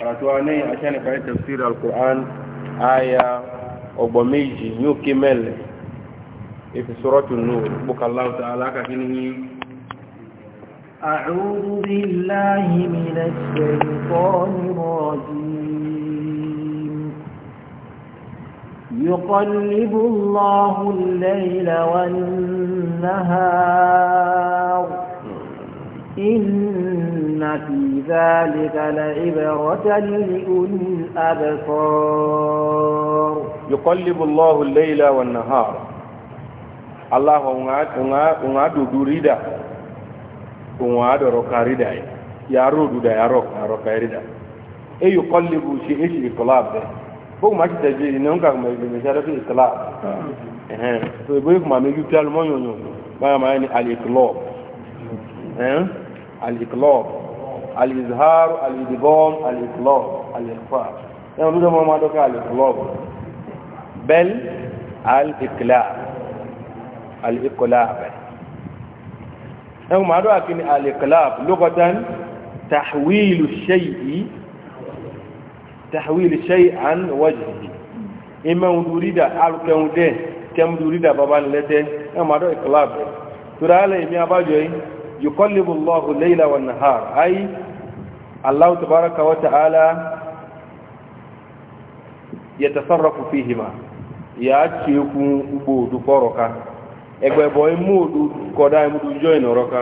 Àràtúwà ní àṣẹ́nìkan tafsir al-Qur'an aya ọgbọ̀n méjì ní òkè mẹ́lẹ̀. Ifi suratu Nur, búkàláwù ta'ala kàkí ní أعوذ بالله من الشيطان الرجيم يقلب الله الليل والنهار إن في ذلك لعبرة لأولي الأبصار يقلب الله الليل والنهار الله ung'ado durida ung'ado rokarida yaro duda yaro rokarida e yuqallibu shi ishi e iqlab de bo ma ti tabi ne unka ma bi mi sharafi iqlab eh so bo ma me yutal mo nyonyo ba ma ni al iqlab al-iqlab al-izhar al-idgham al-iqlab al-ikhfa ẹ̀rọ ló dẹ́mọ́ máa dọ́kà al-iqlab bẹ́l al-iqlab al-iqlab ẹ̀rọ máa dọ́kà kí ni al-iqlab lughatan tahwilu shay'i tahwilu shay'an an wajhihi imam durida alukẹ́hun dẹ́ kẹ́m durida babalẹ́dẹ́ ẹ̀rọ máa dọ́ iqlab tura alẹ́ ìmí abájọ́ yìí يقلب الله الليل والنهار أي الله تبارك وتعالى يتصرف فيهما يأتيكم أبود فرقا ẹgbẹ́ ẹ̀bọ̀ imú òdu kọ̀dá ìmúdu jọ ìnà ọ̀rọ̀ka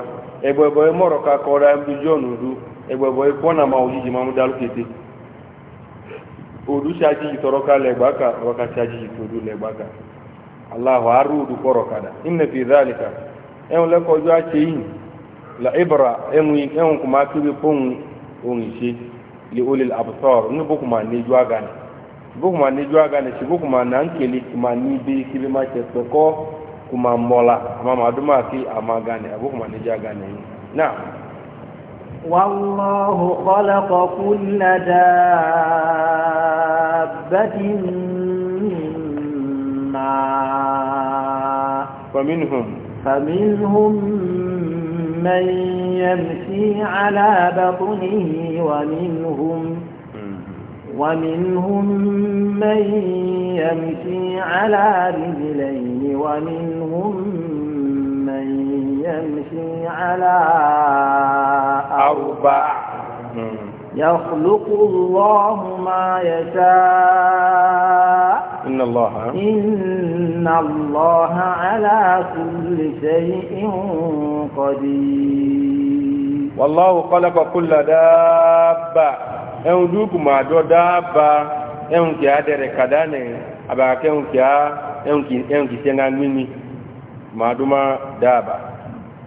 ẹgbẹ́ ẹ̀bọ̀ imú ọ̀rọ̀ka kọ̀dá ìmúdu jọ ìnà òdu ẹgbẹ́ ẹ̀bọ̀ ikọ́nà máa òjijì máa mú dálú kété òdu ṣáàjì tọrọka lẹ́gbàáka ọ̀rọ̀ka ṣáàjì tòdu lẹ́gbàáka aláhùn arú òdu kọ̀rọ̀kadà ìnẹ̀fì ìdálìkà ẹ̀hún lẹ́kọ̀ọ́jọ́ àṣeyìn la ibra enwi en kuma kibi pon onise li ulil absar ni bu kuma ni jwa gane bu kuma ni jwa gane shi bu kuma nan kele kuma ni bi kibi ma ce ko kuma mola amma ma ki amma gane abu kuma ni jwa gane na والله خلق كل دابة من فمنهم فمنهم مَّن يَمْشِي عَلَى بَطْنِهِ وَمِنْهُمْ ومنهم من يمشي على رجلين ومنهم من يمشي على أربع يخلق الله ما يشاء الله إن الله على كل شيء قدير والله خلق كل دابة ẹun dúkù máa jọ dáàbà ẹun kìí adẹ̀rẹ̀ kàdá nẹ̀ àbàkẹ́ ẹun kìí sẹ́ngá mímí máa dúmá dáàbà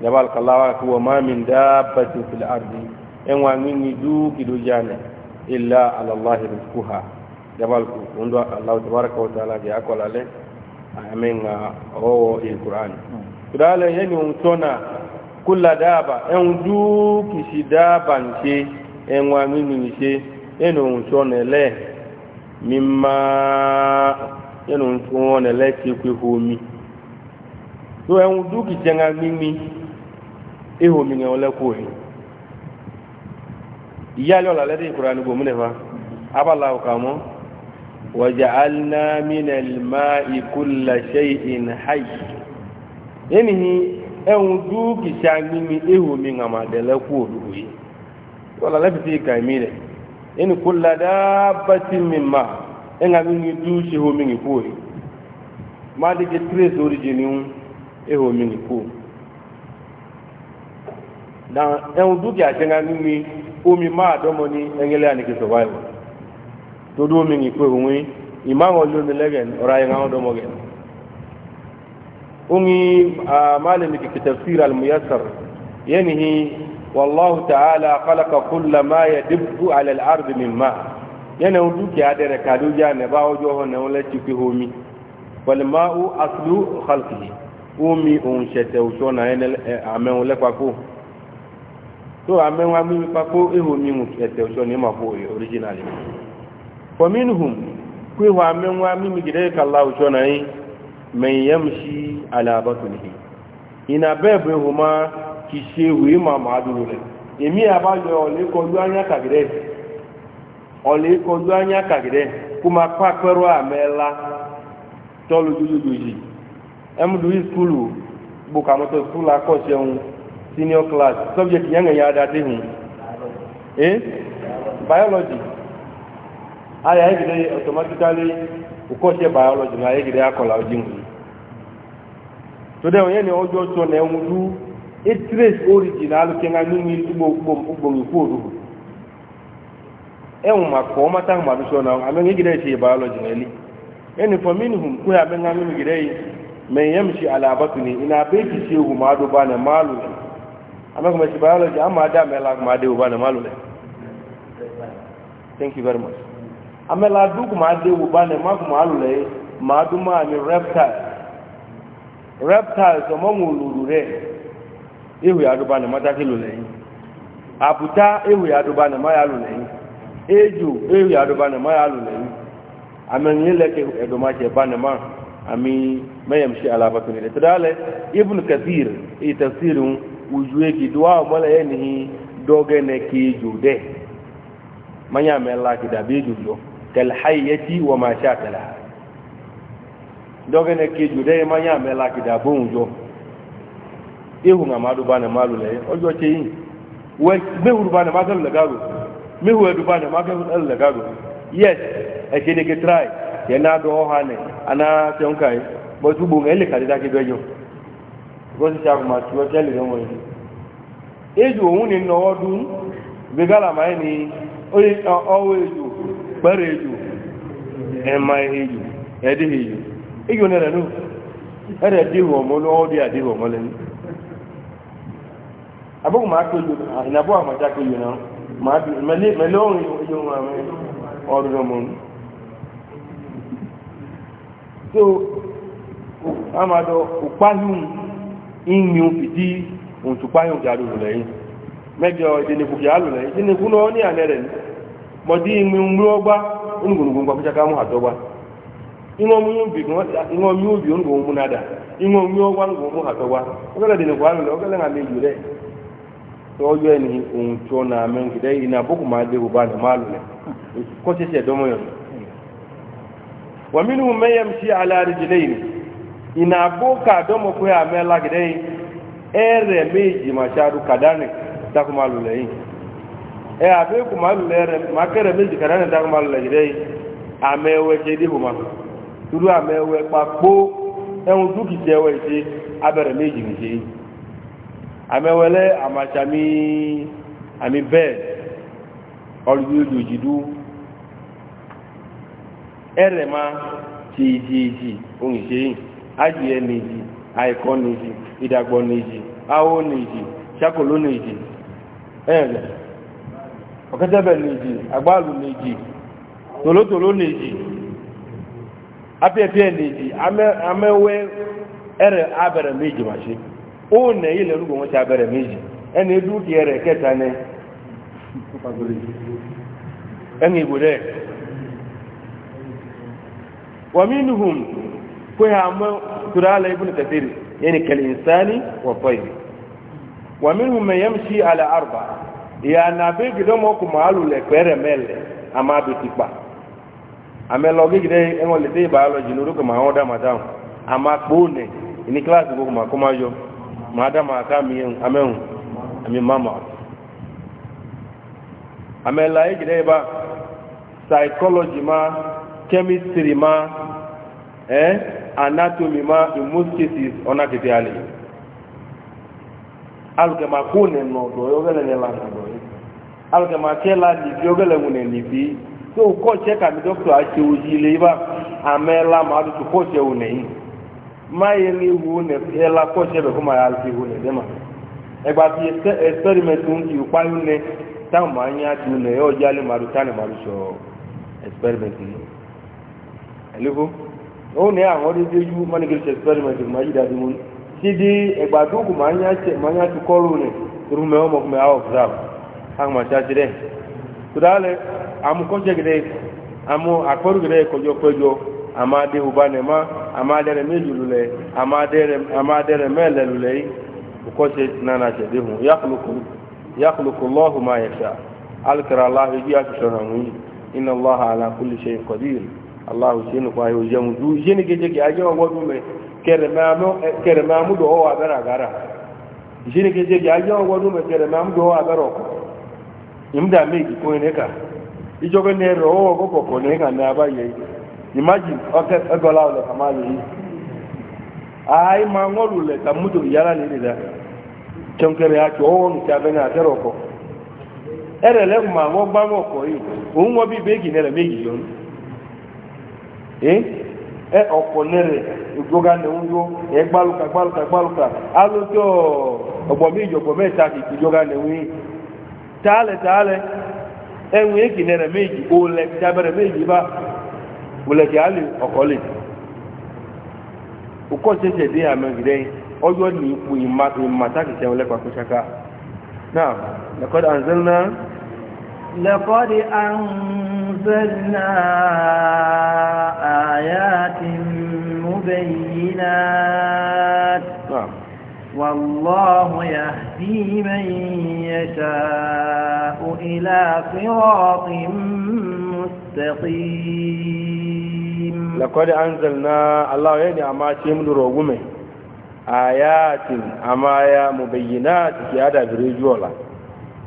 yàbá alkalawa kí wọ́n máa mi dáàbà tí ó fi láàrín ẹwà mímí dúkì ló jẹ́ ànà ilá alàláhìrì kúhà jabal ku Allahu allah tabaraka wa taala ge akola ah, hmm. le amenga o il qur'an kudale yeni untona kula daba en du kisi daba nche en wa mimi nche yeni untona le mimma yeni untona le ti ku homi so en du kijenga mimi ehomi nge ole ku he iyalo la le qur'an go mune fa hmm. abala ka وجعلنا من الماء كل شيء حي ينهي ẹ̀hùn dúkì ṣáàmì ní ihò mi ń àmàdẹ̀lẹ́kù òdúgbò yìí wọ́la lẹ́fẹ̀ẹ́ ìkà ìmí rẹ̀ ẹni kò ládábà tí mi ma ẹ̀hà mi ní dú ṣe ihò mi ń kú rẹ̀ máa díje trace origin ń ihò mi ń kú ẹ̀hùn dúkì àṣẹ́ngà ní omi máa dọ́mọ ní ẹ̀ngẹ́lẹ́ àníkè survival to do mi ngi ko ngi imango lo ni legen ora ya ngaw do moge ungi amale mi ki tafsir al muyassar yanhi wallahu ta'ala khalaqa kulla ma yadibbu ala al ardi min ma yana wudu ki adere ka do ja ne bawo jo ho ne wala ki homi wal ma'u aslu khalqihi umi un shete u shona eh, amen wala kwa ko to amen wa mi pa ko e homi mu shete u ma ko originally ومنهم كوي هو من وامي مجريك الله شنعي من يمشي على بطنه إنا بابهما كشيوي ما معدول له èmi àbáyọ ọ̀lẹ́ kọjú ányá kàgìdẹ́ ọ̀lẹ́ kọjú ányá kàgìdẹ́ kó máa kó akpẹ́rọ àmẹ́la tọ́lu dúdúdúdì ẹ̀mùdú yìí skulu bùkàmọ́tò skulu akọ́ṣẹ́ ń senior class subject aya egide automatically ukoche biology na egide akola jingu today onye ni ojo na enwudu it e trace origin aluke e na ugbo igbo ugbo ikwu odugu enwu ma ko mata ma du so na amen egide che biology na eli eni for minhum ya ben mi gide yi yamshi ala ne ina be ki shehu ma do bana malu amen ko biology amma da ma de bana malu thank you very much amela du kuma ade wo ba ne ma kuma alule ma du ma ni reptile reptiles ọmọ ŋun lulu rẹ ewu ya duba ne ma ta kilo lẹyin abuta ewu ya duba ne ma ya lu lẹyin ejo ewu ya duba ne ma ya lu lẹyin amẹnyin lẹkẹ ẹdọmọsẹ ba ne ma ami mẹyẹm si alabatoni rẹ tẹdá lẹ ibùn kathir èyí tafsir ń ojú egi duwa ọmọlẹ yẹ nìyí dọgẹ nẹ kéjo dẹ manya mẹla kìdàbí ejo jọ. kalhayyati wa ma shatala dogene ke jude ma nya mela kida bonjo ihu nga madu bana malu le ojo che yin we me ma gal lagaru me hu ma gal yes e ne ke try na do hane ana tionkai bo tu bu ngele kadida ke dojo go si chaku ma tu o tele mo eju ohun ni no odun be gala ni o kpẹ́rẹ̀ èjò ẹ̀mà èjò ẹ̀dẹ́ èjò èjò nẹ̀rẹ̀ ló ẹ̀rẹ̀ dìhù ọmọ lọ́wọ́ dí àdìhù ọmọ lẹ́nu ma máa kéjò Ma àmàjá kéjò náà máa bí mẹ́lẹ́ ọ̀rùn èjò so amado ukpahun inyun fìdí òǹtùpáyùn jàdùrù lẹ́yìn mọ̀dí ìmú mgbe gbó gbá onígbòǹgbò gbà fúnṣẹ́ káàmù àtọ́gbá ìwọ̀n mú òbí onígbòǹgbò mú nàdà ìwọ̀n mú ọgbà onígbòǹgbò mú àtọ́gbá ọgẹ́lẹ̀ dènà kò hàn lọ ọgẹ́lẹ̀ hàn lè yù rẹ̀ tọ́jú e abe ku ma lere ma kere me jikara ne da ma lere amewe ke di huma turu amewe papo ehun duki je we je abere meji ni je amewele amachami ami be olu jojidu ere ma ti ji ji ohun se ajiye meji àìkọ́ nìyí ìdàgbọ̀ nìyí aó nìyí ṣàkóló nìyí ẹ̀rẹ̀ ọ̀kẹ́tẹ́bẹ̀ nìjì agbáàlù nìjì tòlótòló nìjì apẹ́ẹ̀pẹ́ nìjì amẹ́wẹ́ ẹ̀rẹ̀ abẹ̀rẹ̀ méjì máa ṣe ó nẹ̀ ilẹ̀ olúgbò wọn ṣe abẹ̀rẹ̀ méjì ẹni dúkì ẹ̀rẹ̀ kẹta ní ẹni ìgbòdẹ̀ wàmínúhùn kó yà mọ́ tùrálẹ̀ ibùn kẹsìrì yẹni kẹlẹ̀ ìsáni wọ̀pọ̀ ìrì yana be gido mo ko malu le pere mele ama do tipa ame lo gi gide en wole de biology no ko ma oda madam ama bone ni class go ma ko ma yo madam mi en ame ami mama ame la e gide ba psychology ma chemistry ma eh anatomy ma in most cases ona kete ali alùkẹ́mà kó nẹ̀ nà ọ̀dọ̀ ọ̀gẹ́lẹ̀ nẹ̀ là nàdọ̀ yìí alùkẹ́mà kẹ́ la nìbí ọ̀gẹ́lẹ̀ wù nẹ̀ nìbí tó kọ́ọ̀tsẹ́ kàmi dọ́kítọ̀ àti òyì lè yìí bá amẹ́ la mà àdùtù kọ́ọ̀tsẹ́ wù nẹ̀ yìí má yẹ ní wù nẹ̀ ẹ̀ la bẹ̀ fún ma alùkẹ́ wù nẹ̀ dẹ́mà ẹgbà fi ẹsipẹ́rìmẹ̀tì ń kìí kpáyú nẹ̀ táwọn máa ń yá tu nẹ̀ ẹ̀ ọ̀dí alẹ́ nẹ̀ àwọn sidi egbadugu ma anya che ma anya tukọrọ ne rume ọmọ kume ahụ zam ahụ ma cha jire tudale amu kọjọ gide amu akpọrọ gide kọjọ kọjọ ama adị ụba ma ama adịrị mejulule ama ama hụ yakuluku yakuluku ya alikara alahu ya na nwunye inna allah ala kulli shay'in alahu allah shi ne kwa du shi ne geje ki keremamu do o abere agara jini ke jegi aje ogo du me do imda me ki ko ne ka ne ro ne ka na ba ye imagine o ke egola ole ma ye ai ma ngolu le ka mudo yala ni da ka ere le ma wo gba mo ko yi o bi begi ne le ẹ ọ̀pọ̀ lẹ́rẹ̀ ìgbóga nẹ̀wúndó ẹ gbálùkà gbálùkà gbálùkà alótó ọ̀gbọ̀n méjì ọ̀gbọ̀n mẹ́ta kìkì ìjọga nẹ̀wúyí tààlẹ̀ tààlẹ̀ ẹ̀wùn èkì nẹ̀rẹ̀ méjì olẹ̀ tàbẹ̀rẹ̀ méjì bá ame gị لقد أنزلنا آيات مبينات نعم والله يهدي من يشاء إلى صراط مستقيم لقد أنزلنا الله يعني أما تيمن وقومه آيات أما مبينات في هذا الرجوع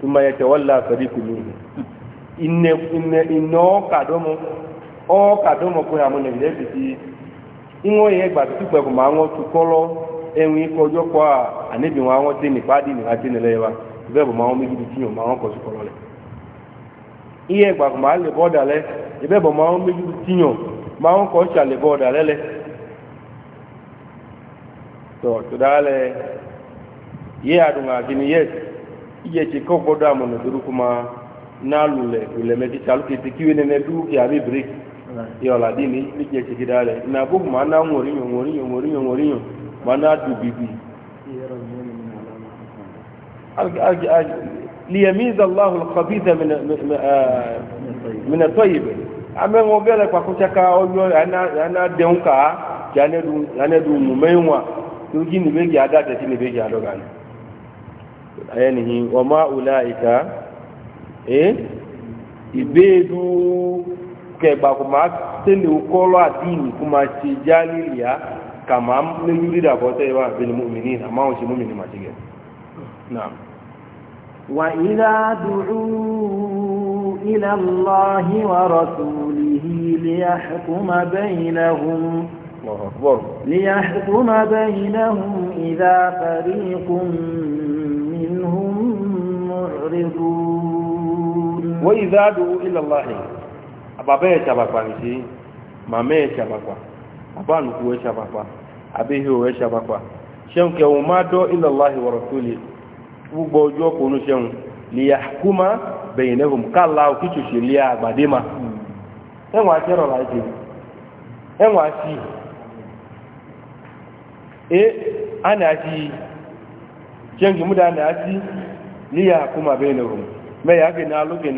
tuma ya wala sadiku minhu inne inne inno kadomo o kadomo ko ya mona ile bisi inwo ye gba tu pe ko ma won tu kolo enwi ko jo ko a anibi won won te ni padi ni ati ni lewa be bo ma won mi ti yo ma won ko su kolo le iye gba ko ma le le ibe bo ma won mi ti yo ma won ko sha le le le to dale ye adunga gini yes iyẹtsi kọ gbọdọ amọnà tó dúkú ma n'alu lẹ olẹmẹ títí alu kété kí wéne mẹ dúkú kí abe bírèkì yẹ ọ̀làdé ní iyẹtsi kí da lẹ nà bó ma ná ŋòríyàn ŋòríyàn ŋòríyàn ŋòríyàn ma ná du bìbì. liyamiza allahu alqabitha mina tɔyibe ame ŋɔ gɛlɛ kpakutsɛ ka ɔyɔ ana dɛn ka yanadu yanadu mumɛnwa tó jí ni bɛ gya da tɛti ni bɛ gya dɔ gani ayanihi wa ma'ula'ika eh ibedu kẹgbà kò máa tẹ́lẹ̀ kọ́lọ́ àdínì kò máa ṣe jálì lìá kà máa ń lórí rí dàbọ́tẹ́ ìwà àbẹ̀lẹ̀ mọ́mìnì àmọ́ àwọn ṣe mọ́mìnì máa ṣe gẹ̀ náà. وإذا دعوا إلى الله ورسوله ليحكم بينهم الله أكبر ليحكم بينهم إذا فريق معرضون وإذا دعوا إلى الله أبابا يشبكوا نسي ماما يشبكوا أبا نكو يشبكوا أبيه يشبكوا شن كوما دعوا إلى الله ورسوله وبوجوا كونوا شن ليحكم بينهم قال وكيتو شليا بعدما ẹwà àti ẹ̀rọ láìpẹ́ ẹwà àti e a na àti jẹ́ ngìmúdà na níyà ya bẹ́ẹ̀ lè e mẹ́yà gẹ̀ náà lókè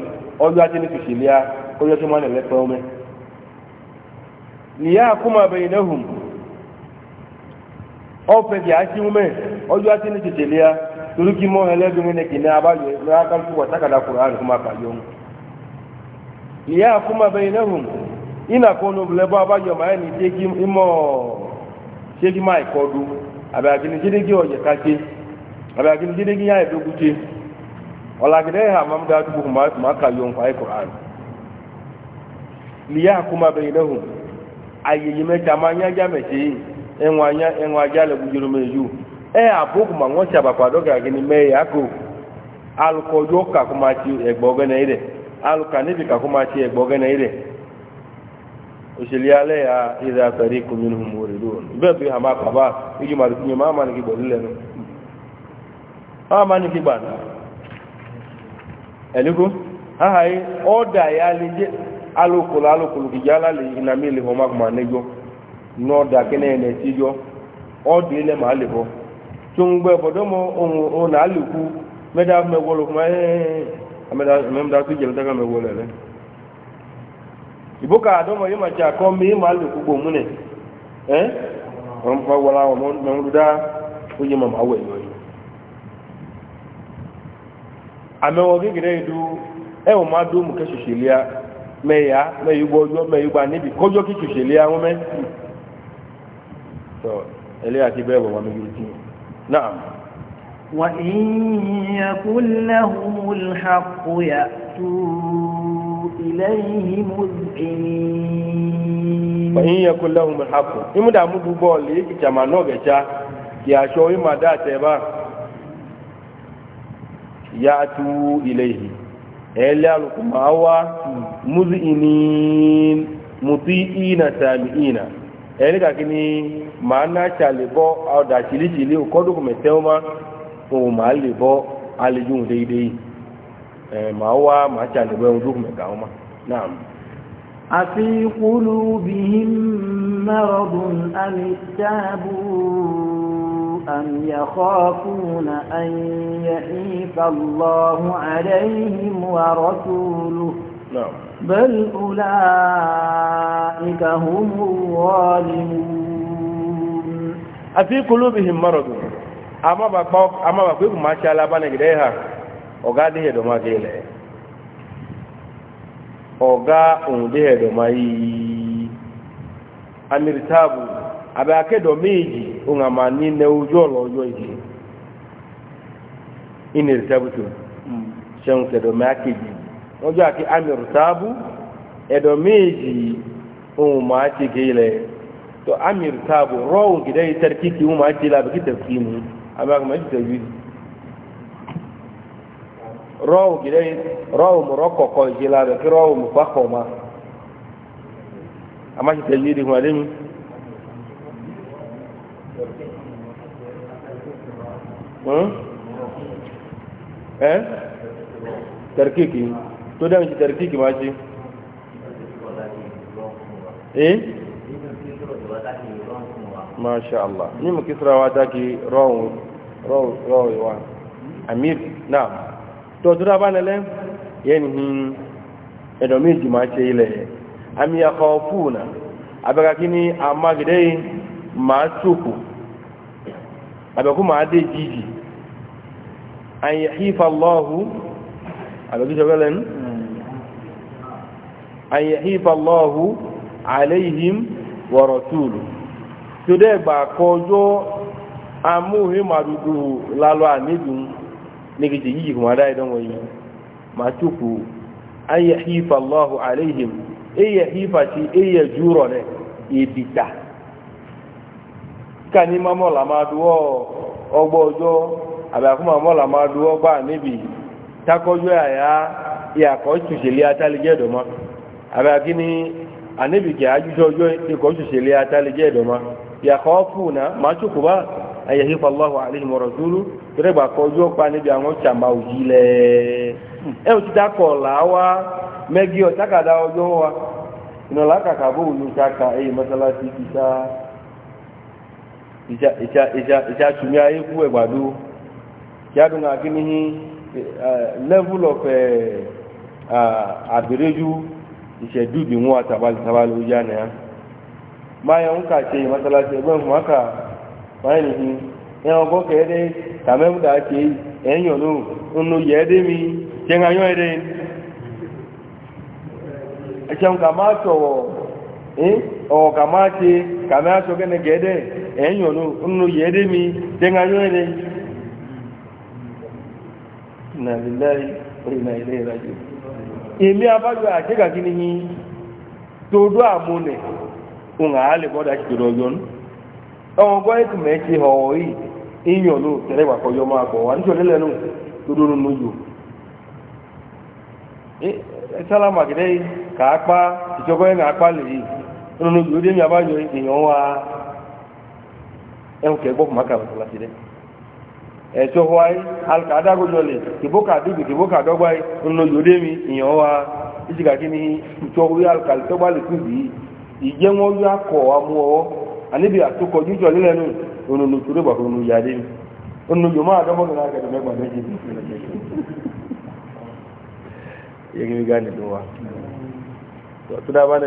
ọjọ́ ajé ní tòṣì lẹ́yà ọjọ́ tó máa lẹ̀ pẹ́ ọmọ níyà kúmà bẹ́ẹ̀ lè rùn ọ̀fẹ́ kì á sí mẹ́ ọjọ́ ajé ní tòṣì lẹ́yà torí kí mọ́ ẹlẹ́dùn ní kìnnà abáyọ ina ma ni teki imo teki mai kodu ya ọ̀làgídẹ́ ha máa m dá dúgbò máa kà yóò ń pa ẹ́kùnrin lìyà àkúmà bẹ̀yìn náà hùn ayé yìí mẹ́ta anya ń yájá mẹ́tẹ́ ẹ̀wọ̀n ajá lẹ̀ gbùjọ́rọ̀ mẹ́yù ẹ̀ àbókù máa wọ́n ṣàbàpà dọ́gàgì ni ka kò alùkọ́ yóò kà kó máa ti ẹ̀gbọ́ gẹ́nẹ́ ya ìdá àtàrí kùnmínú mòrè ma bẹ́ẹ̀ ẹ̀lúkú ahayi ọ́dà ya lè jẹ́ alùkùlù alùkùlù kìí jálá iná mi lè hàn máa níjọ́ ní kí náà ẹ̀ ti jọ ọ́dà ilẹ̀ máa lè bọ́ tó ń gbẹ bọ̀dọ́mọ ohun àlùkù mẹ́ta mẹ́wọ́ fún ẹ́ mẹ́ta tó jẹ́ mẹ́ta ìbúkà máa àkọ́ mi máa lè kú gbòmúnẹ̀ amewo gigire idu ewo ma du mu ke shishilia me ya me yugo jo me yugo anibi kojo ki shishilia wo me so ele ati bebo wa migiti na'am wa in yakul lahumul haqq ya'tu ilayhi muz'inin wa in yakul lahumul ki aso ya'tu ilayhi ẹ̀lẹ́ alùkùnmọ̀ àwá mùsùlùmí mùtí ìnà tàbí ìnà ẹ̀lẹ́ kàkí ni màá ná ṣàlẹ̀ bọ́ ọ̀dà ṣìlíṣìlí ọkọ̀dùkùnmẹ̀ tẹ́wọ́má òun màá lè bọ́ àlejò déédéé ẹ̀ màá wá màá ṣàlẹ̀ bọ́ ẹ̀hún dùkùnmẹ̀ gàwọ́má náà. àfi kúlù bìhín mẹ́rọ̀dùn àmì táàbù أم يخافون أن يحيف الله عليهم ورسوله نعم بل أولئك هم الظالمون أفي قلوبهم مرض أما بقى أما بقى ما شاء الله بنجدها ọ̀gá díhẹ̀ dọ̀má gẹ́lẹ̀ ọ̀gá òun díhẹ̀ dọ̀má yìí amìrìtàbù àbẹ̀ akẹ́dọ̀ méjì nga ma ni ne ujo lo yo yi ini ritabu tu hmm. shen ke do e ma ji ojo ati amiru tabu edo meji o ma ti gele to amiru tabu ro ngi dai tarkiki o ma ti la bi tafsimu amma ma ti tajwid ro ngi dai ro mu roko ko jila da ro mu fakoma amma ti tajwid ko alimi Hmm? eh tarkiki to da mace tarkiki ma ce eh masha Allah ni mu kisrawa take rawu rawu rawu amir na to dura ba nale yenihin edo meji ma ce ile am yakhafuna abaka kini amagide ma tuku àbẹ̀kú máa dé jíjì àyè hífà lọ́hù àbẹ̀kú ṣọ́gbẹ́lẹ̀ ní àyè hífà lọ́hù àlẹ́yìn wọ̀rọ̀ dẹ́ gbà kọjọ́ amóhùn màdùdù lálọ́ ànídùn nígbèjì yìí kò máa dá ìdánwò yìí máa ka ní mọ́mọ́ là máa dúwọ́ ọgbọ́ ọjọ́ àbẹ̀kúmọ̀ mọ́ là máa dúwọ́ gbà níbi takọ́jọ́ àyà ìyàkọ́ ìtùsẹ̀lẹ̀ atálẹ́jẹ́ ìdọ̀mọ́ àbẹ̀kí ni àníbìkì àjúṣọ ọjọ́ ìkọ́ ìtùsẹ̀lẹ̀ atálẹ́jẹ́ ìdọ̀mọ́ ìyàkọ́ fúnà máa tókù bá ayẹyẹ fọláhù àlehìn mọ̀rọ̀ dúró tẹ́rẹ̀gbà kọjú ọ̀pá níbi àwọn ṣàmbá òjì lẹ̀ ẹ̀ ò ti dákọ̀ làwa mẹ́gí ọ̀tákàdá ọjọ́ wa ìnàlá kàkà bóun ní kàkà ẹ̀yìn mọ́sálásí ti sáà ìṣàtúnmí ayé kú ẹ̀gbàdó kí á dùn àkí ní level of àbẹ̀rẹ̀jú ìṣẹ̀dú ìdìwọ̀n àtàbálítàbálí ó yá nìyà máa yẹn ń kà ṣe ìmọ́sálásí ẹgbẹ́ fún wákà máa nìyí ẹ̀hàn ọgọ́kẹ́ ẹ̀dẹ́ tàmẹ́mùdà ṣe ẹ̀yàn ló ń lo yẹ ẹ̀dẹ́ mi jẹ́ ń ayọ́ ẹ̀yàn nínú yẹ́dé mi dẹ́gbà ẹ̀rẹ́ nàìjíríà orílẹ̀ ilé ìrajú èmi abájọ àjẹ́gàkí ni yín dodo àmúnẹ̀ òun àá bọ́dá sí dodo ọjọ́ yìí kàápá ìjọba àpá lè yìí dé ẹ̀hùn kẹgbọ́ fún maka fún láti dẹ́ ẹ̀tọ́ wáyé alkadágójọ lè kìbókà dùgbì kìbókà dọ́gbà ńlọ yòdé mi ìyàn wa ìsìkà kí ni ìtọ́ orí alkalitọ́gbà lè kúbi ìjẹ́ wọn yóò akọ̀ amú jíjọ tó mi nínú méjì gánà wa tó dábàá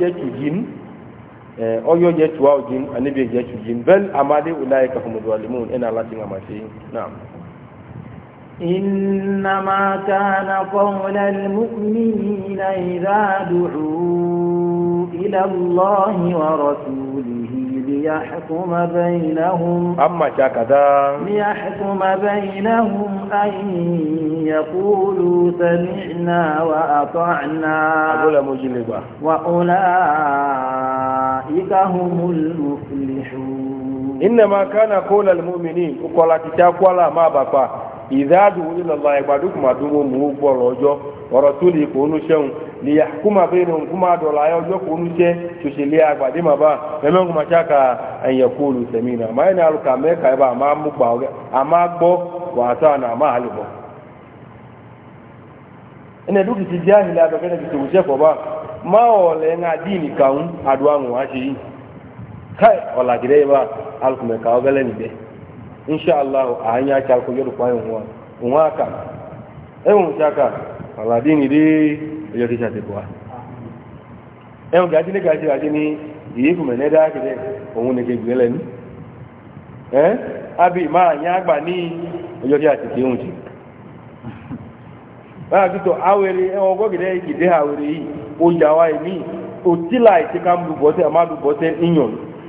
yẹ ọyọ eh, jẹ tuwa ojin anibi jẹ tujin bẹẹ amadi ulayi kakumudu alimun ẹna alati nga mati naam. إنما كان قول المؤمنين إذا دعوا إلى الله ورسوله ليحكم بينهم أما كذا ليحكم بينهم أن يقولوا سمعنا وأطعنا وأولئك هم المفلحون إنما كان قول المؤمنين وقال تتاكوالا ما بقى ìdáàdù ìlọlọ ìgbàdú kùmà dúró mú gbọrọ ọjọ ọrọ tó lè kó onú sẹun lè yà kúmà bẹẹ nù kúmà dọlà ayé ọjọ kó onú sẹ tòṣè lé àgbàdé mà bá mẹmẹ kùmà ṣáka ẹyẹ kó olù sẹmí nà máa ní alùkà mẹka ẹ bá a máa mú gbà ọgẹ a máa gbọ wà á sọ àná a máa lè bọ. ẹnẹ dúkì ti jẹ́ àhìlẹ̀ àdọ́gẹ́dẹ́ ti tòun sẹ́kọ̀ọ́ bá máa ọ̀lẹ́ ń adíìnì kàún àdó àwọn wá káì ọ̀làjẹ́dẹ́ yìí insha Allah a hanya ki alko yoru kwayin huwa huwa ka ehun shaka aladini de yo ki shate kwa ehun gaji ne gaji gaji ni yi ku mene da de ne eh? ma nya agba ni yo ati ti ba awere e gide ki awere yi o mi o ti lai ti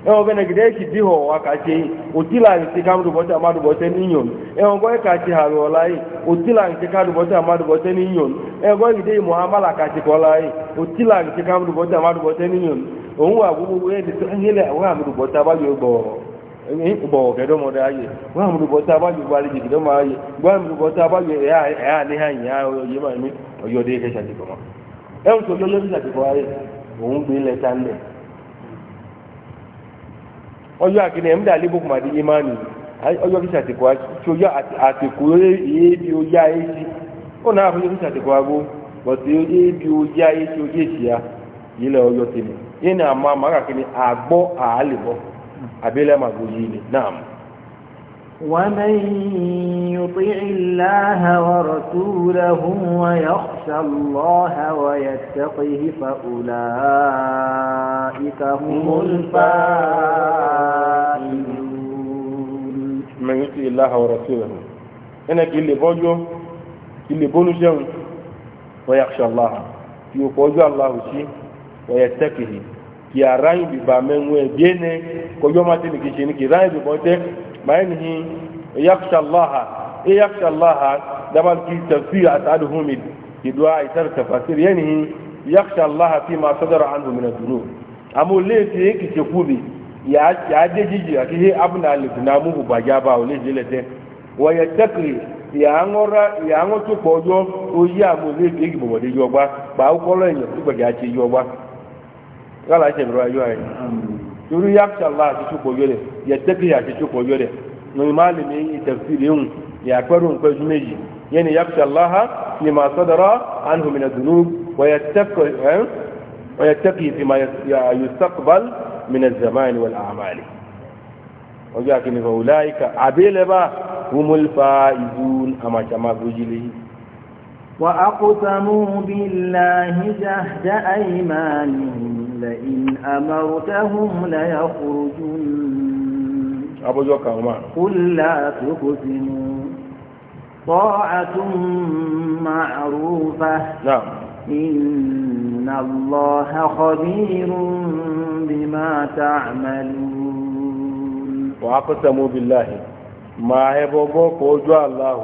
ẹwọ́n gẹ́gẹ́ gẹ́gẹ́ kì bí họ àkàṣe òtílà àti kádùbọ́tẹ́ àmádùbọ́tẹ́ níyàn ẹwọ́n gọ́ ẹ̀kàṣe àrùn ọ̀la yìí òtílà àti kádùbọ́tẹ́ àmádùbọ́tẹ́ níyàn ẹwọ́n gẹ́gẹ́ ìmọ̀ amálà àkàṣe kọ́la yìí òtílà àti kádùbọ́tẹ́ àmádùbọ́tẹ́ níyàn òun wà gbogbo ẹ̀ẹ́dẹ̀ẹ́lẹ̀ àwọn àmìdùbọ́tẹ́ abájọ gbọ̀ọ̀rọ̀ a e a ayé ọjọ́ àkíní ẹ̀mdà alébùkù màdí imani ọjọ́ kí sàtìkù tí ó yá àtìkù èébi ó yá èébi ó náà fún kí sàtìkù agbó bọ̀tí èébi ya yìí lẹ ọjọ́ tèmi yìí ni àmọ́ àmọ́ àkíní àgbọ́ àálèbọ́ àbílẹ̀ yìí náà. ومن يطع الله ورسوله ويخشى الله ويتقه فأولئك هم الفائزون من يطع الله ورسوله هناك اللي بوجو اللي بولجو ويخشى الله يوكوجو الله شيء ويتقه kí ara yìí bìbà mẹ́wọ́n ẹ̀ bí ẹni kọjọ́ máa tẹ́lẹ̀ kìí mayanhi yakhsha Allah e yakhsha Allah da man ki tafsir asaduhum ki du'a itar tafasir yanhi yakhsha Allah fi ma sadara anhu min ad-dunub amu le ti ki ce kubi ya ya dejiji ake he abna lifna mu ba ja ba ole jile te wa yattaqi ya ngora ya ngotu pojo oyi amu le ti ki bobo de yo ba ko lo ti gbe ja ti yo gba se ro ayo ayi torí yàtọ̀ allah àti tó kọjọ rẹ̀ yẹtẹ́kì àti tó kọjọ rẹ̀ ní màálìmí ìtẹ̀sílẹ̀ ń yàgbẹ́rù ń pẹ́jú méjì yẹn ni maalimi itesile n yagberu n peju meji yani ya yato allah ni ma sadara màá sọ́dọ̀rọ̀ ànhùmìnà dùnú wọ́yẹtẹ́kì fi ma máa yùsàkùbal mìnà zamani wàlá àmàlì ọjọ́ àkínní fọwọ́ láyìíká abele bá humul fa'izun ìdún àmàjàmá gbójìlẹ̀ وأقسموا بالله جهد أيمانهم لئن أمرتهم ليخرجن أبو زكا عمر قل لا تقسموا طاعة معروفة نعم إن الله خبير بما تعملون وأقسموا بالله ما يَبُوكُوا وجوا الله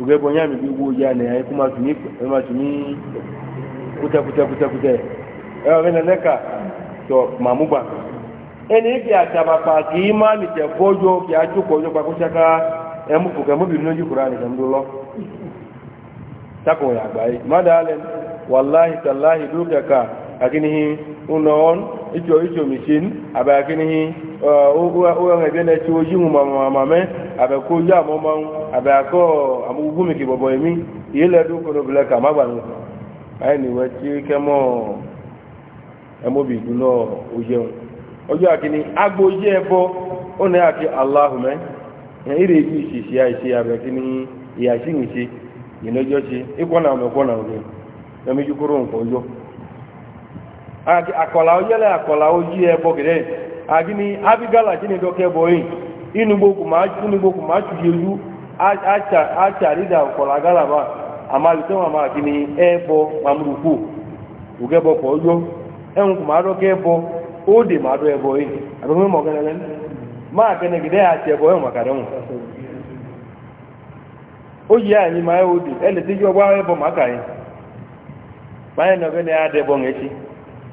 ìgbẹ́ bọ̀ yá mi bí wo ya nìyà yẹn kó máa tù ní ẹ máa tù ní kútẹ́kútẹ́kútẹ́kútẹ́ ẹ wà mí lẹ́lẹ́ kà tọ màmú gbà ẹni kì àtàbàpà kì í má mi tẹ̀ fọ́jọ́ kì á tó pa kó ṣẹ́ká ẹ mú mú bìrì lójú kúrò ànìkàn ló lọ. tako ya gba yi mada alen wallahi tallahi dukaka akinihi unon icho icho michin aba kinihi uwe gene ti oji mu mamame abe ko ya mama aba ko amugu mi ki bobo emi ile du ko bele ka ma gbanu ai ni we kemo emo bi gulo oje ojo akini agbo je ebo oni ati allahumma ya ire ji si si ai si aba kinihi ya si ni si ni lojo si ikona me kona ni emi jukuru nko ojo akọla yɛlɛ akọla oyi ɛbɔ gɛdɛ agini abigala gini dɔ kɛ bɔ yen inugbo rida gala ma ama lutɛ ma ma gini ɛbɔ mamuruku o de ma a bɛ mɔ kɛnɛ lɛ maa kɛnɛ gɛdɛ atsɛ bɔ ɛmu aka dɛ mu oyi anyi ma yɛ o de ɛlɛtɛ yɔ bɔ ayɛ bɔ ma ka ma yɛ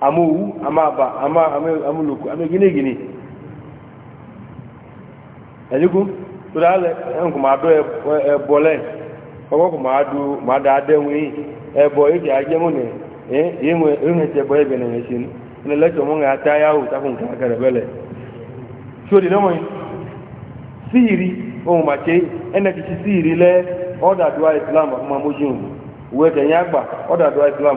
ama owu ama aba ama amuluku ama gini gini ẹ̀dínkù tó dáa lẹ ẹnkù máa dọ́ ẹbọ lẹ ọkọ̀kù máa du máa da adẹ́wọ̀n yìí ẹbọ ètò ajẹ́mú ni ìhìnwó ní ata yahoo takùn kàkẹrẹ bẹ́lẹ̀ tí di ohun màtí lẹ islam yẹn àgbà islam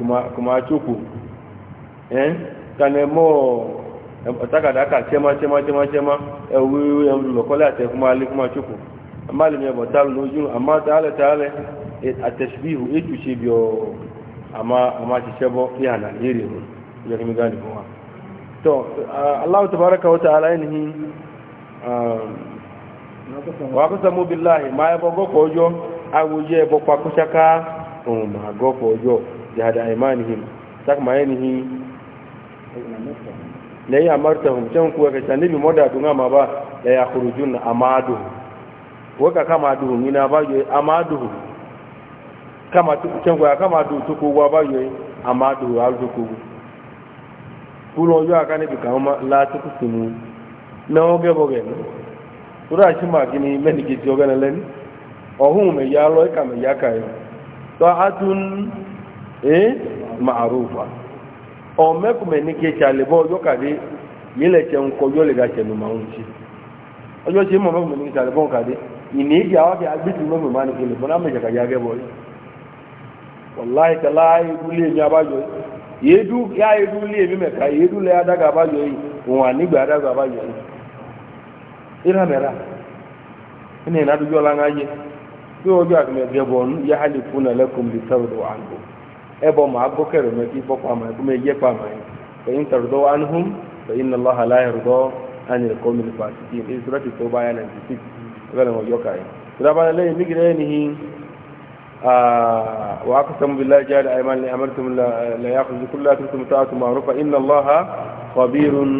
kuma choko eh kana mo takadaka chema chema chema chema ewu ewu lokola te kuma ali kuma choko amali me botal no jun amma taala taala e atashbihu eju shibyo ama ama chebo yana e hiri e ya kimi gani kuma to Allah tabaraka wa ta'ala inhi um, wa qasamu billahi ma yabo gokojo awuje bo pakushaka o um, ma gokojo jihada aimanihim tak mayanihi la ya martahum tan kuwa ka tanibi moda dunga ma ba la ya khurujun amadu waka kama duhu ni na ba yo amadu kama tu tan kuwa kama du tu kuwa ba yo amadu al du ku kulo yo aka ne bi kama la tu kusimu na oge boge tura shi ma gini meniki jogana len ohun me ya lo ka me ya kai to atun eh ma'rufa o me ku me ni ke chale bo yo ka de yele che nko yo le ga chenu no maunchi ojo ti mo mo ni chale ini bi awa bi agbitu n'o mo ma ni kele bona me ja ka ya ge bo wallahi talai dule ni abajo yedu ya yedu le mi me ka yedu le adaga abajo yi won ani gba adaga abajo yi ira mera ina na du yo la ngaje yo ojo ak me ge bo ya halifuna lakum bi tawdu ankum ẹbọ ma agbókẹrẹ mẹkì bọkọ àmà ẹkọ mẹ yẹ pàmà ẹ fẹyìn tàrúdọ anhum fẹyìn nàlọ àlàyérúdọ ànyẹrẹ kọmi nípa àtìkì ẹ sọrọ ti tó báyà náà ti six ẹgbẹ náà wọn yọ káyẹ sọdábàá lẹyìn mí gírẹ ẹni wa akọ sọmọ bí lájà ẹ àyẹmọ ní amẹrẹtọm lẹyà kùsù kúlẹ àtúntò tó àtúmọ àrùfà ìnà lọha kọbírun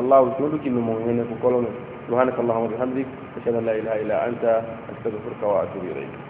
الله سولك إنه هنا في قولنا سبحانك اللهم وبحمدك أشهد أن لا إله إلا أنت أستغفرك وأتوب إليك